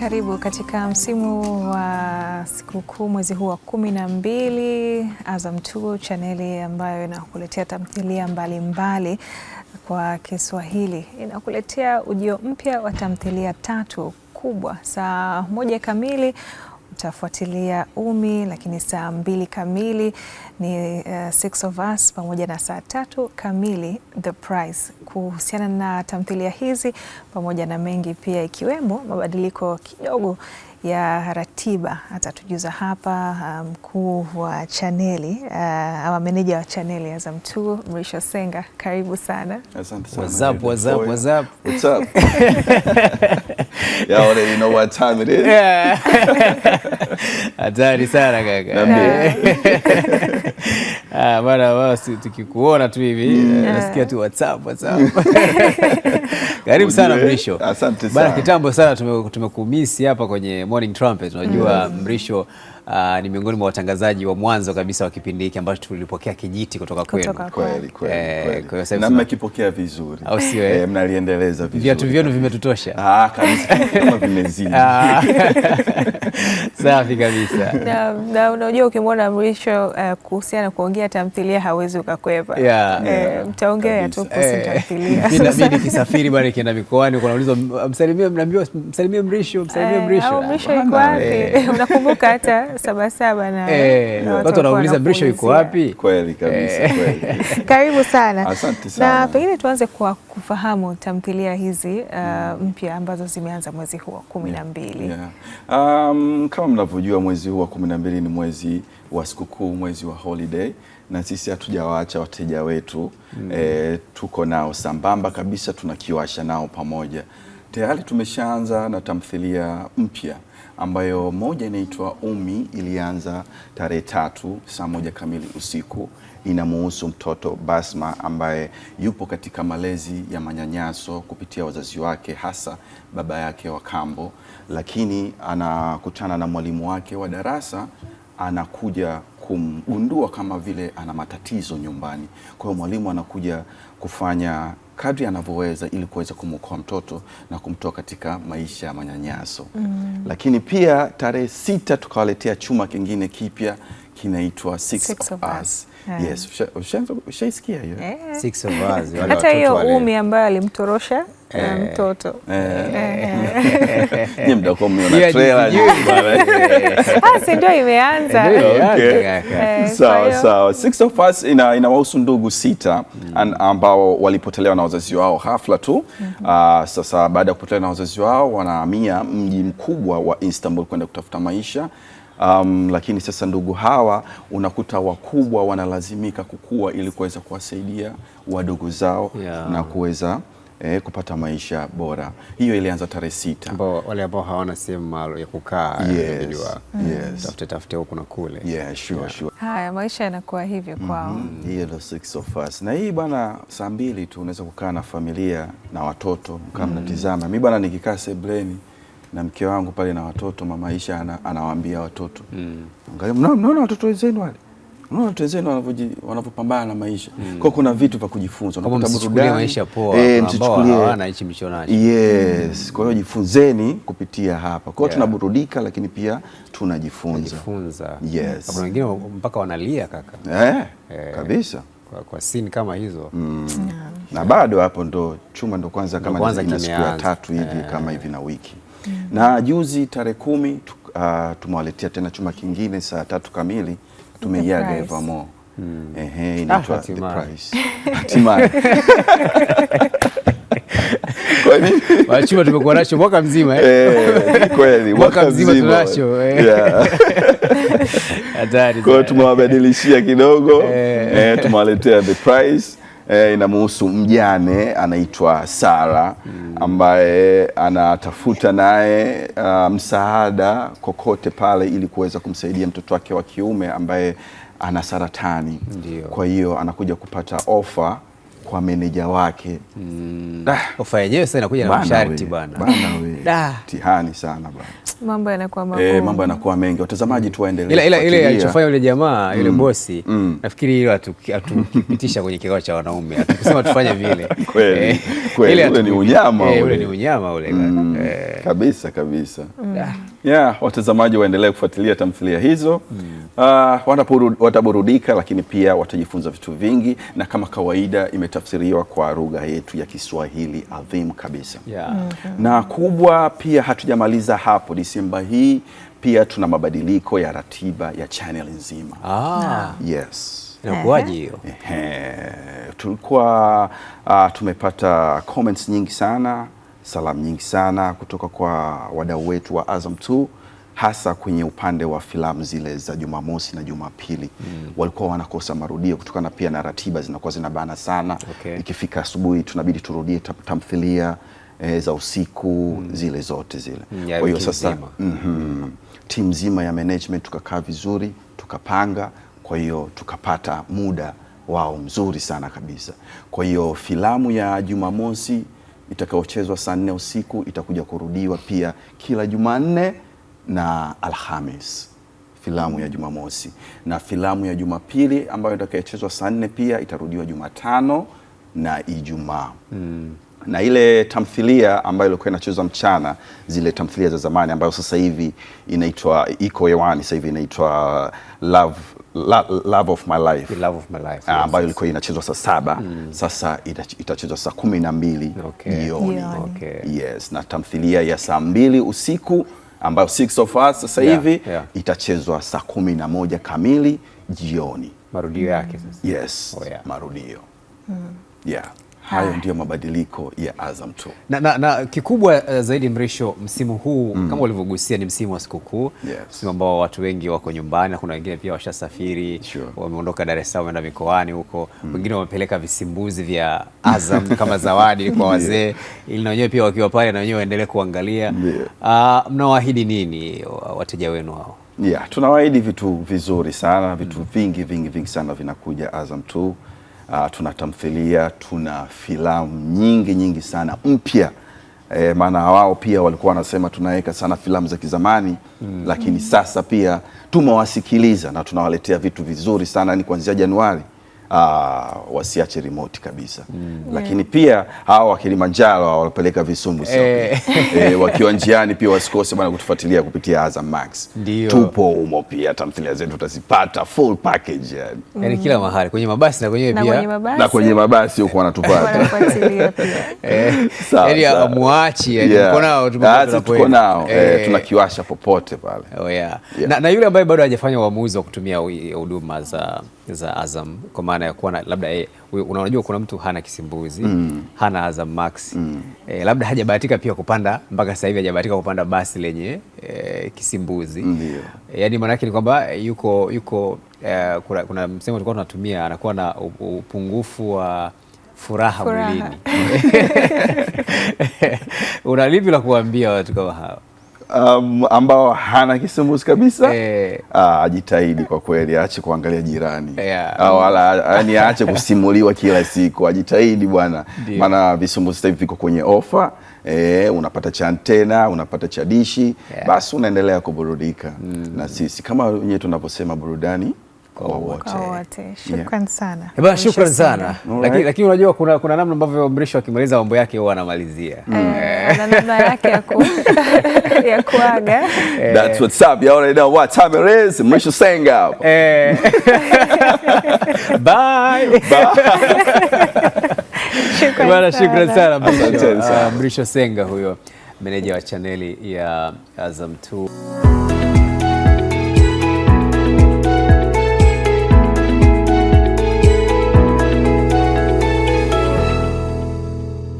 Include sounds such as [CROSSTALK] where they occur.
Karibu katika msimu wa sikukuu, mwezi huu wa kumi na mbili, Azam Two, chaneli ambayo inakuletea tamthilia mbalimbali kwa Kiswahili, inakuletea ujio mpya wa tamthilia tatu kubwa saa moja kamili mtafuatilia Umi, lakini saa mbili kamili ni uh, Six of Us pamoja na saa tatu kamili The Price, kuhusiana na tamthilia hizi pamoja na mengi pia ikiwemo mabadiliko kidogo ya ratiba atatujuza hapa uh, mkuu um, wa chaneli uh, ama meneja wa chaneli Azam 2 Mrisho Senga, karibu sana. sana. [LAUGHS] Hatari sana kaka. [LAUGHS] [LAUGHS] Ah, bwana wao tukikuona tu hivi yeah. Eh, nasikia tu WhatsApp WhatsApp. [LAUGHS] Karibu sana Mrisho. Asante sana. Bwana, kitambo sana tumekumisi hapa kwenye Morning Trumpet. Unajua mm. Mrisho uh, ni miongoni mwa watangazaji wa mwanzo kabisa wa kipindi hiki ambacho tulipokea kijiti kutoka kwenu. Kweli kweli. eh, Na mmekipokea vizuri. Au sio? Eh? eh, mnaliendeleza vizuri. Viatu vyenu vimetutosha. Ah, kabisa kama vimezidi. Ah. [LAUGHS] Safi kabisa. Na, na unajua ukimwona Mrisho uh, kuhusiana na kuongea tamthilia hawezi ukakwepa. Yeah. Eh, Mtaongea tu kuhusu eh. tamthilia. [LAUGHS] Inabidi kisafiri bwana kienda mikoani kunaulizwa msalimie mnaambiwa msalimie Mrisho, msalimie Mrisho. Mrisho iko ah, wapi? [LAUGHS] Unakumbuka hata Sabasaba na eh, watu wanauliza Mrisho yuko wapi? Kweli kabisa, eh. kweli. [LAUGHS] Karibu sana. Asante sana. Na pengine tuanze kwa kufahamu tamthilia hizi uh, mpya ambazo zimeanza mwezi huu wa kumi na mbili. Yeah. Yeah. Um, kama mnavyojua mwezi huu wa kumi na mbili ni mwezi wa sikukuu, mwezi wa holiday na sisi hatujawaacha wateja wetu mm. E, tuko nao sambamba kabisa, tunakiwasha nao pamoja Tayari tumeshaanza na tamthilia mpya ambayo moja inaitwa Umi, ilianza tarehe tatu saa moja kamili usiku. Inamuhusu mtoto Basma ambaye yupo katika malezi ya manyanyaso kupitia wazazi wake, hasa baba yake wa kambo, lakini anakutana na mwalimu wake wa darasa anakuja kumgundua kama vile ana matatizo nyumbani. Kwa hiyo mwalimu anakuja kufanya kadri anavyoweza ili kuweza kumwokoa mtoto na kumtoa katika maisha ya manyanyaso. Mm. Lakini pia tarehe sita tukawaletea chuma kingine kipya kinaitwa Six of Us. Yes, ushaisikia hiyo? Six of Us. Hata hiyo umi ambayo alimtorosha Eh. mtoto eh. Eh. [LAUGHS] [LAUGHS] basi ndio imeanza. Sawa sawa, six of us inawahusu ndugu sita mm. ambao walipotelewa na wazazi wao hafla tu mm -hmm. uh, sasa baada ya kupotelewa na wazazi wao wanahamia mji mkubwa wa Istanbul kwenda kutafuta maisha. Um, lakini sasa ndugu hawa unakuta wakubwa wanalazimika kukua ili kuweza kuwasaidia wadogo zao yeah. na kuweza eh, kupata maisha bora. Hiyo ilianza tarehe sita. Wale ambao hawana sehemu maalum ya kukaa, unajua eh, tafute tafute huku na kule. Yeah, sure, yeah. Sure. Haya maisha yanakuwa hivyo mhm. kwao. mm -hmm. Hiyo ndio Six of Us, na hii bwana, saa mbili tu unaweza kukaa na familia na watoto mkaa mm. mnatizama. mm -hmm. Mi bwana nikikaa sebleni na mke wangu pale na watoto, mama Aisha anawaambia watoto, mm. mnaona watoto wenzenu wale Unaona watu wenzenu wanavyopambana na maisha mm. kwao kuna vitu vya kujifunza, eh, Yes, kwa hiyo jifunzeni kupitia hapa. kwao yeah. Tunaburudika lakini pia tunajifunza. Tunajifunza. Yes. wengine mpaka wanalia kaka. Eh, eh, kabisa. Kwa, kwa sini kama hizo mm. yeah. Na bado hapo ndo chuma ndo kwanza kama kwanza ina siku ya tatu hivi yeah. Kama hivi na wiki yeah. Mm. Na juzi tarehe kumi uh, tumewaletea tena chuma kingine saa tatu kamili tumeiaga evamo hmm. ah, inaitwa The Price. Hatimaye. wachuma tumekuwa nacho mwaka mzima eh? Eh, kweli mwaka mzima tunacho eh? Hatari. Kwa tumewabadilishia kidogo tumewaletea The Price e, inamuhusu mjane anaitwa Sara mm. ambaye anatafuta naye uh, msaada kokote pale ili kuweza kumsaidia mtoto wake wa kiume ambaye ana saratani. Ndiyo. Kwa hiyo anakuja kupata ofa kwa meneja wake. Mm. Ah. Ofa yenyewe sasa inakuja na masharti bwana. Bwana wewe. [LAUGHS] sana bwana mambo yanakuwa e, mambo yanakuwa mengi. Watazamaji tu waendelee. Ila ile alichofanya yule jamaa yule mm. bosi mm. nafikiri hilo atupitisha kwenye kikao cha wanaume atukusema tufanye vile [LAUGHS] kweli eh, kweli, ni unyama eh, ule ni unyama ule mm. kabisa kabisa mm. yeah, watazamaji waendelee kufuatilia tamthilia hizo mm. Uh, wataburudika lakini pia watajifunza vitu vingi, na kama kawaida imetafsiriwa kwa lugha yetu ya Kiswahili adhimu kabisa yeah. mm -hmm. na kubwa pia hatujamaliza hapo. Disemba hii pia tuna mabadiliko ya ratiba ya channel nzima ah. ah. yes Inakuwaje hiyo? Tulikuwa uh, tumepata comments nyingi sana, salamu nyingi sana kutoka kwa wadau wetu wa Azam 2 hasa kwenye upande wa filamu zile za Jumamosi na Jumapili mm. walikuwa wanakosa marudio kutokana pia na ratiba zinakuwa zinabana sana okay. Ikifika asubuhi tunabidi turudie tamthilia e, za usiku mm. zile zote zile yeah, hmm, kwa yaani hiyo sasa mm -hmm, timu nzima ya management tukakaa vizuri tukapanga, kwa hiyo tukapata muda wao mzuri sana kabisa. Kwa hiyo filamu ya Jumamosi itakayochezwa saa nne usiku itakuja kurudiwa pia kila Jumanne na Alhamis filamu ya Jumamosi na filamu ya Jumapili ambayo itakayochezwa saa nne pia itarudiwa Jumatano na Ijumaa mm. na ile tamthilia ambayo ilikuwa inachezwa mchana, zile tamthilia za zamani ambayo sasa hivi inaitwa iko hewani sasa hivi inaitwa Love Love, of my life, love of my life ah, yes, ambayo ilikuwa inachezwa saa saba mm. Sasa itachezwa saa kumi na mbili jioni okay. Okay. Yes, na tamthilia ya saa mbili usiku ambayo Six of Us sasa hivi yeah, yeah. itachezwa saa kumi na moja kamili jioni, marudio yake sasa. Yes, oh, yeah. marudio mm. yeah. Hayo ndiyo mabadiliko ya Azam tu na, na, na kikubwa uh, zaidi Mrisho, msimu huu mm. kama ulivyogusia ni msimu wa sikukuu yes. msimu ambao watu wengi wako nyumbani na kuna wengine pia washasafiri sure. wameondoka Dar es Salaam wameenda mikoani huko mm. wengine wamepeleka visimbuzi vya Azam [LAUGHS] kama zawadi kwa wazee yeah. ili na wenyewe pia wakiwa pale na wenyewe waendelee kuangalia yeah. uh, mnawaahidi nini wateja wenu hao? yeah. tunawaahidi vitu vizuri sana vitu mm. vingi vingi vingi sana vinakuja Azam tu uh, tuna tamthilia, tuna filamu nyingi nyingi sana mpya e, maana wao pia walikuwa wanasema tunaweka sana filamu za kizamani mm. Lakini sasa pia tumewasikiliza na tunawaletea vitu vizuri sana, ni kuanzia Januari uh, wasiache remote kabisa mm. Lakini pia hawa wa Kilimanjaro wanapeleka visumbu eh. Eh, wakiwa njiani pia wasikose bwana kutufuatilia kupitia Azam Max. Ndiyo. Tupo humo pia, tamthilia zetu utazipata full package yani. Mm. Yani kila mahali kwenye mabasi na kwenye pia na kwenye mabasi huko wanatupata. Yani amuachi yani tuko nao tuko ah, nao eh, eh. tunakiwasha popote pale. Oh yeah. Yeah. Na, na yule ambaye bado hajafanya uamuzi wa kutumia huduma za za Azam kwa maana ya kuwa labda e, unajua kuna mtu hana kisimbuzi mm. hana Azam Max mm. e, labda hajabahatika pia kupanda mpaka sasa hivi hajabahatika kupanda basi lenye e, kisimbuzi mm. yaani maana yake ni kwamba yuko yuko e, kuna, kuna msemo tulikuwa tunatumia anakuwa na upungufu wa furaha, furaha mwilini. [LAUGHS] Una lipi la kuambia watu kama hawa? um, ambao hana kisumbuzi kabisa eh, ah, ajitahidi kwa kweli, aache kuangalia jirani yeah, wala yani aache kusimuliwa kila siku, ajitahidi bwana, maana visumbuzi sasa hivi viko kwenye ofa eh, unapata cha antena, unapata cha dishi yeah, basi unaendelea kuburudika mm, na sisi kama wenyewe tunavyosema burudani kwa wote. Eh, sana sana lakini, lakini unajua kuna, kuna namna ambavyo Mrisho akimaliza mambo yake huwa anamalizia eh, mm. na namna yake ya [LAUGHS] kuaga. Eh. That's what's up. know what time it is. Mrisho Senga. [LAUGHS] Bye. Bye. [LAUGHS] shukran sana ah, Mrisho Senga huyo meneja wa chaneli ya Azam 2.